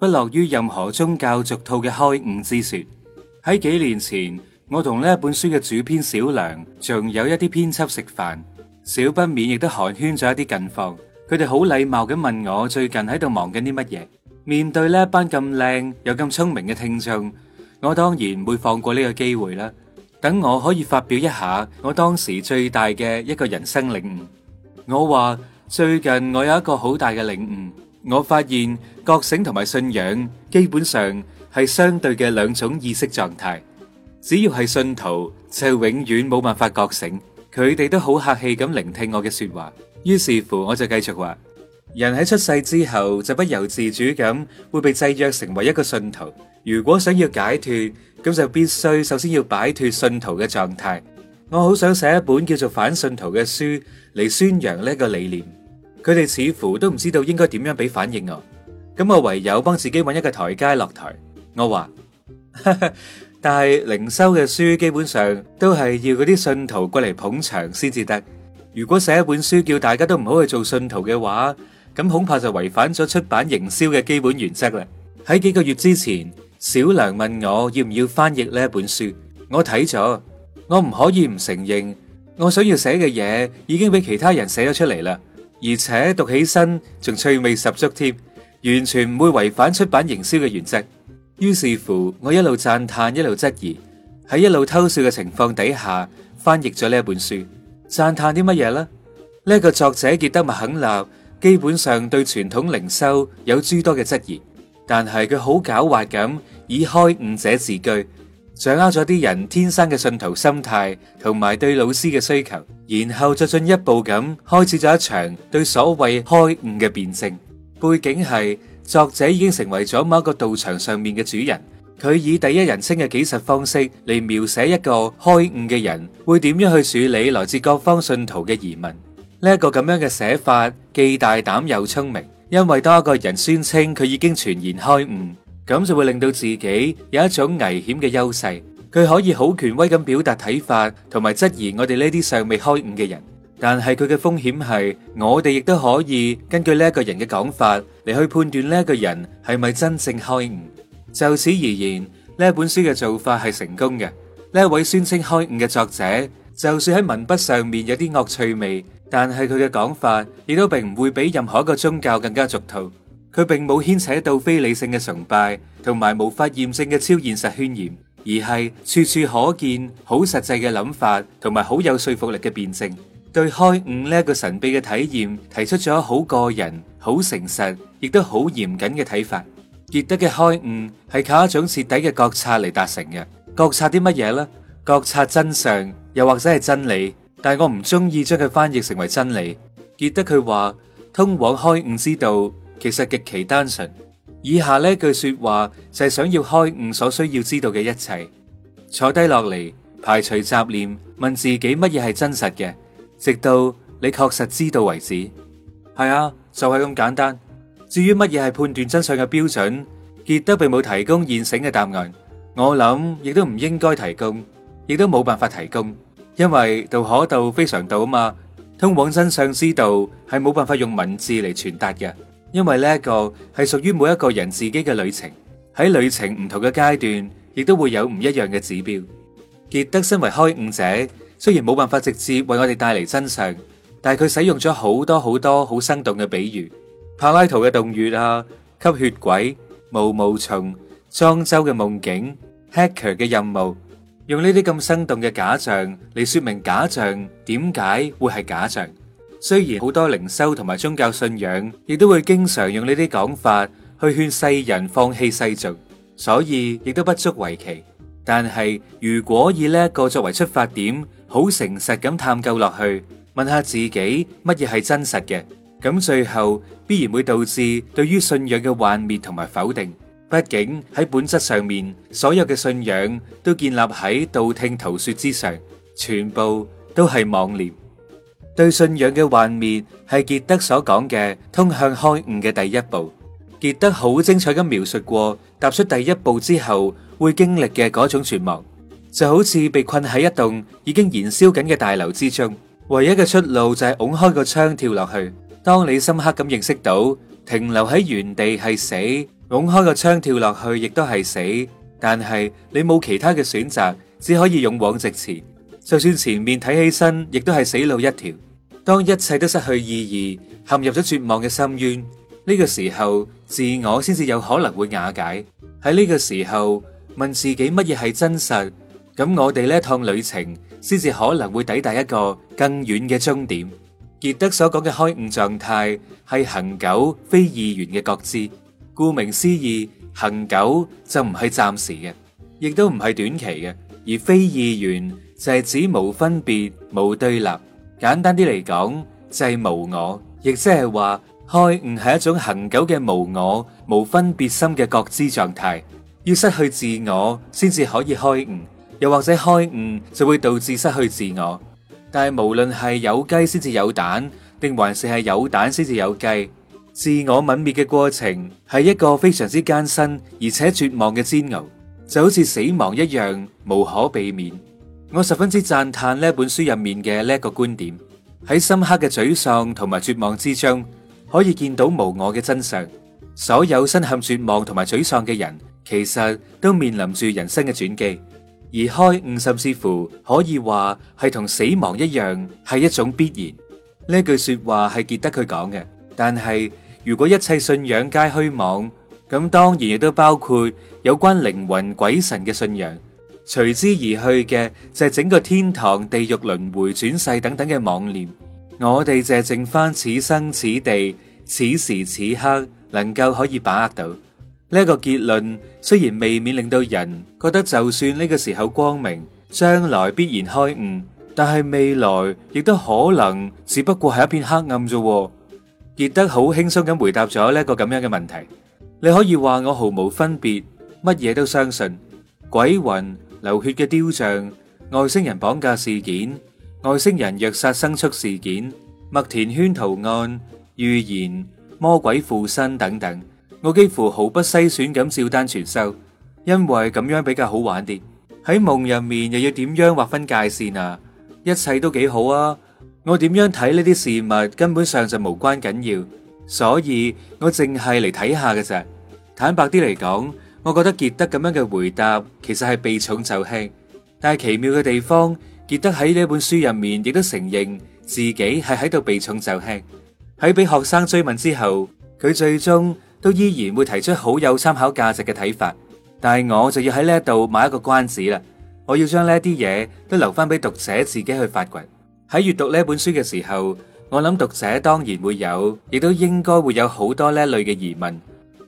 不落於任何宗教俗套嘅開悟之說。喺幾年前，我同呢本書嘅主編小梁仲有一啲編輯食飯，少不免亦都寒暄咗一啲近況。佢哋好禮貌咁問我最近喺度忙緊啲乜嘢。面對呢一班咁靚又咁聰明嘅聽眾，我當然唔會放過呢個機會啦。等我可以發表一下我當時最大嘅一個人生領悟。我話最近我有一個好大嘅領悟。我發現覺醒同埋信仰基本上係相對嘅兩種意識狀態。只要係信徒，就永遠冇辦法覺醒。佢哋都好客氣咁聆聽我嘅說話。於是乎，我就繼續話：人喺出世之後，就不由自主咁會被制約成為一個信徒。如果想要解脫，咁就必須首先要擺脫信徒嘅狀態。我好想寫一本叫做《反信徒》嘅書嚟宣揚呢個理念。佢哋似乎都唔知道應該點樣俾反應我，咁我唯有幫自己揾一個台階落台。我話， 但係靈修嘅書基本上都係要嗰啲信徒過嚟捧場先至得。如果寫一本書叫大家都唔好去做信徒嘅話，咁恐怕就違反咗出版營銷嘅基本原則啦。喺幾個月之前，小梁問我要唔要翻譯呢本書，我睇咗，我唔可以唔承認我想要寫嘅嘢已經俾其他人寫咗出嚟啦。而且讀起身仲趣味十足添，完全唔會違反出版營銷嘅原則。於是乎，我一路贊歎，一路質疑，喺一路偷笑嘅情況底下，翻譯咗呢本書。贊歎啲乜嘢呢？呢個作者傑德麥肯納基本上對傳統靈修有諸多嘅質疑，但係佢好狡猾咁以開悟者自居。掌握咗啲人天生嘅信徒心態同埋對老師嘅需求，然後再進一步咁開始咗一場對所謂開悟嘅辯證。背景係作者已經成為咗某一個道場上面嘅主人，佢以第一人稱嘅紀實方式嚟描寫一個開悟嘅人會點樣去處理來自各方信徒嘅疑問。呢、這、一個咁樣嘅寫法既大膽又聰明，因為多一個人宣稱佢已經全然開悟。咁就會令到自己有一種危險嘅優勢，佢可以好權威咁表達睇法同埋質疑我哋呢啲尚未開悟嘅人。但係佢嘅風險係，我哋亦都可以根據呢一個人嘅講法嚟，去判斷呢一個人係咪真正開悟。就此而言，呢一本書嘅做法係成功嘅。呢一位宣稱開悟嘅作者，就算喺文筆上面有啲惡趣味，但係佢嘅講法亦都並唔會比任何一個宗教更加俗套。佢並冇牽扯到非理性嘅崇拜同埋無法驗證嘅超現實宣言，而係處處可見好實際嘅諗法同埋好有說服力嘅辯證。對開悟呢一個神秘嘅體驗，提出咗好個人、好誠實亦都好嚴謹嘅睇法。傑德嘅開悟係靠一種徹底嘅覺察嚟達成嘅。覺察啲乜嘢呢？覺察真相，又或者係真理。但係我唔中意將佢翻譯成為真理。傑德佢話，通往開悟之道，其實極其單純，以下呢句說話就係想要開悟所需要知道嘅一切，坐低落嚟，排除雜念，問自己乜嘢係真實嘅，直到你確實知道為止。係啊，就係咁簡單。至於乜嘢係判斷真相嘅標準，亦都並冇提供現成嘅答案，我諗亦都唔應該提供，亦都冇辦法提供，因為道可道非常道嘛，通往真相之道係冇辦法用文字嚟傳達嘅。因為呢一個係屬於每一個人自己嘅旅程，喺旅程唔同嘅階段，亦都會有唔一樣嘅指標。傑德身為開悟者，雖然冇辦法直接為我哋帶嚟真相，但係佢使用咗好多好多好生動嘅比喻，柏拉圖嘅洞穴啊，吸血鬼、毛毛蟲、莊周嘅夢境、h 黑客嘅任務，用呢啲咁生動嘅假象嚟說明假象點解會係假象。雖然好多靈修同埋宗教信仰，亦都會經常用呢啲講法去勸世人放棄世俗，所以亦都不足為奇。但係如果以呢一個作為出發點，好誠實咁探究落去，問下自己乜嘢係真實嘅？咁最後必然會導致對於信仰嘅幻滅同埋否定。畢竟喺本質上面，所有嘅信仰都建立喺道聽途說之上，全部都係妄念。對信仰嘅幻滅係傑德所講嘅通向開悟嘅第一步。傑德好精彩咁描述過踏出第一步之後會經歷嘅嗰種絕望，就好似被困喺一棟已經燃燒緊嘅大樓之中，唯一嘅出路就係拱開個窗跳落去。當你深刻咁認識到停留喺原地係死，拱開個窗跳落去亦都係死，但係你冇其他嘅選擇，只可以勇往直前，就算前面睇起身亦都係死路一條。當一切都失去意義，陷入咗絕望嘅深淵，呢個時候自我先至有可能會瓦解。喺呢個時候問自己乜嘢係真實，咁我哋呢一趟旅程先至可能會抵達一個更遠嘅終點。傑德所講嘅開悟狀態係恒久非二元嘅覺知，顧名思義，恒久就唔係暫時嘅，亦都唔係短期嘅，而非二元就係指無分別、無對立。簡單啲嚟講，就係無我，亦即係話開悟係一種恒久嘅無我、無分別心嘅覺知狀態。要失去自我，先至可以開悟；又或者開悟就會導致失去自我。但係無論係有雞先至有蛋，定還是係有蛋先至有雞，自我泯滅嘅過程係一個非常之艱辛而且絕望嘅煎熬，就好似死亡一樣，無可避免。我十分之讚嘆呢一本書入面嘅呢一個觀點，喺深刻嘅沮喪同埋絕望之中，可以見到無我嘅真實。所有身陷絕望同埋沮喪嘅人，其實都面臨住人生嘅轉機，而開悟甚至乎可以話係同死亡一樣係一種必然。呢句說話係傑德佢講嘅，但係如果一切信仰皆虛妄，咁當然亦都包括有關靈魂、鬼神嘅信仰。隨之而去嘅就係整個天堂、地獄、輪迴、轉世等等嘅妄念，我哋就係剩翻此生此地、此時此刻能夠可以把握到呢一個結論。雖然未免令到人覺得就算呢個時候光明，將來必然開悟，但係未來亦都可能只不過係一片黑暗啫。傑德好輕鬆咁回答咗呢一個咁樣嘅問題。你可以話我毫無分別，乜嘢都相信鬼魂、流血嘅雕像、外星人綁架事件、外星人虐殺牲畜事件、麥田圈圖案、預言、魔鬼附身等等，我幾乎毫不篩選咁照單全收，因為咁樣比較好玩啲。喺夢入面，又要點樣劃分界線啊？一切都幾好啊！我點樣睇呢啲事物，根本上就無關緊要，所以我淨係嚟睇下嘅啫。坦白啲嚟講。我覺得傑德咁樣嘅回答其實係避重就輕，但係奇妙嘅地方，傑德喺呢一本書入面亦都承認自己係喺度避重就輕。喺俾學生追問之後，佢最終都依然會提出好有參考價值嘅睇法。但係我就要喺呢一度買一個關子啦，我要將呢啲嘢都留返俾讀者自己去發掘。喺閱讀呢一本書嘅時候，我諗讀者當然會有，亦都應該會有好多呢一類嘅疑問。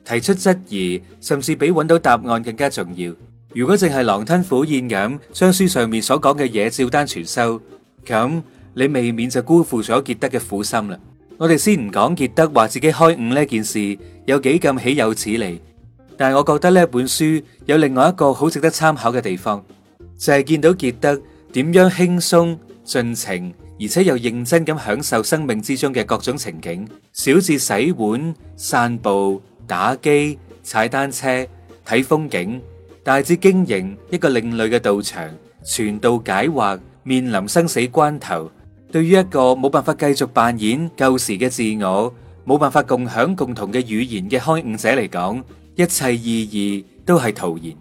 提出質疑，甚至比揾到答案更加重要。如果淨係狼吞虎嚥咁，將書上面所講嘅嘢照單全收，咁你未免就辜負咗傑德嘅苦心啦。我哋先唔講傑德話自己開悟呢一件事有幾咁豈有此理，但係我覺得呢一本書有另外一個好值得參考嘅地方，就係見到傑德點樣輕鬆、盡情，而且又認真咁享受生命之中嘅各種情景，小至洗碗、散步，打機、踩單車、睇風景，大致經營一個另類嘅道場，傳道解惑，面臨生死關頭。對於一個冇辦法繼續扮演舊時嘅自我，冇辦法共享共同嘅語言嘅開悟者嚟講，一切意義都係徒然。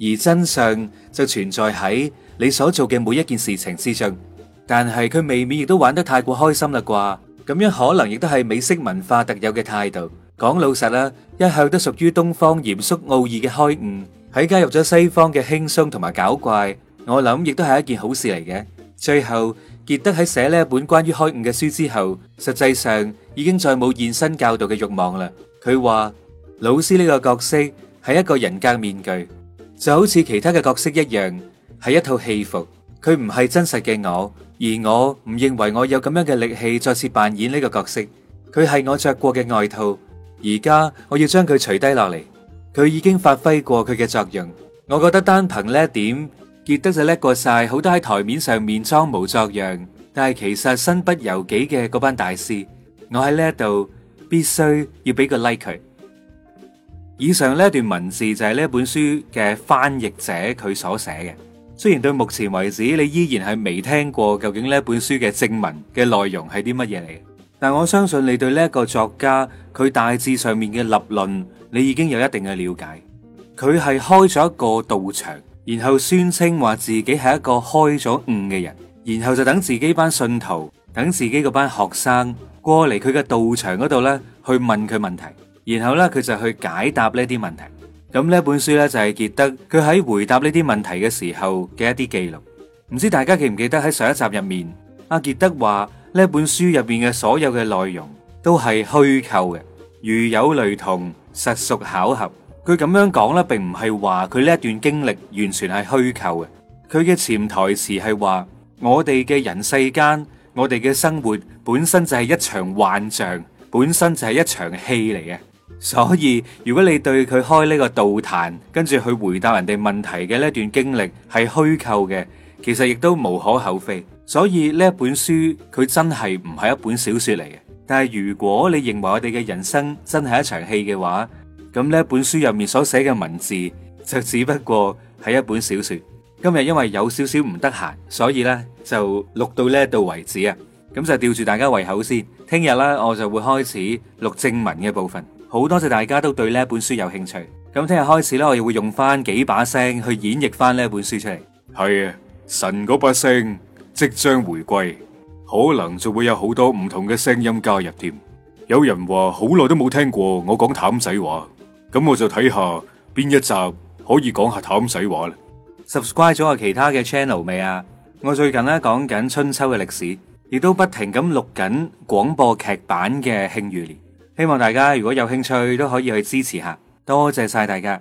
而真相就存在喺你所做嘅每一件事情之中。但係佢未免亦都玩得太過開心啦啩，咁樣可能亦都係美式文化特有嘅態度。講老實啦，一向都屬於東方嚴肅奧義嘅開悟，喺加入咗西方嘅輕鬆同埋搞怪，我諗亦都係一件好事嚟嘅。最後，傑德喺寫呢一本關於開悟嘅書之後，實際上已經再冇現身教導嘅欲望啦。佢話老師呢個角色係一個人格面具，就好似其他嘅角色一樣，係一套戲服。佢唔係真實嘅我，而我唔認為我有咁樣嘅力氣再次扮演呢個角色。佢係我着過嘅外套。而家我要將佢除低落嚟，佢已經發揮過佢嘅作用。我覺得單憑呢一點，傑德就叻過晒，好多喺台面上面裝模作樣，但係其實身不由己嘅嗰班大師，我喺呢一度必須要俾個 like 佢。以上呢一段文字就係呢一本書嘅翻譯者佢所寫嘅。雖然到目前為止你依然係未聽過，究竟呢一本書嘅正文嘅內容係啲乜嘢嚟？但我相信你對呢一個作家佢大致上面嘅立論，你已經有一定嘅了解。佢係開咗一個道場，然後宣稱話自己係一個開咗悟嘅人，然後就等自己班信徒、等自己嗰班學生過嚟佢嘅道場嗰度咧，去問佢問題，然後咧佢就去解答呢啲問題。咁呢本書咧就係、是、傑德佢喺回答呢啲問題嘅時候嘅一啲記錄。唔知大家記唔記得喺上一集入面，阿、啊、傑德話。呢本書入邊嘅所有嘅內容都係虛構嘅，如有雷同，實屬巧合。佢咁樣講咧，並唔係話佢呢一段經歷完全係虛構嘅。佢嘅潛台詞係話，我哋嘅人世間，我哋嘅生活本身就係一場幻象，本身就係一場戲嚟嘅。所以，如果你對佢開呢個道壇，跟住去回答人哋問題嘅呢段經歷係虛構嘅，其實亦都無可厚非。所以呢一本書佢真係唔係一本小說嚟嘅，但係如果你認為我哋嘅人生真係一場戲嘅話，咁呢一本書入面所寫嘅文字就只不過係一本小說。今日因為有少少唔得閒，所以咧就錄到呢一度為止啊。咁就吊住大家胃口先，聽日咧我就會開始錄正文嘅部分。好多謝大家都對呢一本書有興趣，咁聽日開始咧我哋會用翻幾把聲去演繹翻呢一本書出嚟。係啊，神嗰把聲。即將回歸，可能就會有好多唔同嘅聲音加入添。有人話好耐都冇聽過我講譚仔話，咁我就睇下邊一集可以講下譚仔話啦。subscribe 咗我其他嘅 channel 未啊？我最近咧講緊春秋嘅歷史，亦都不停咁錄緊廣播劇版嘅慶餘年。希望大家如果有興趣都可以去支持下，多謝晒大家。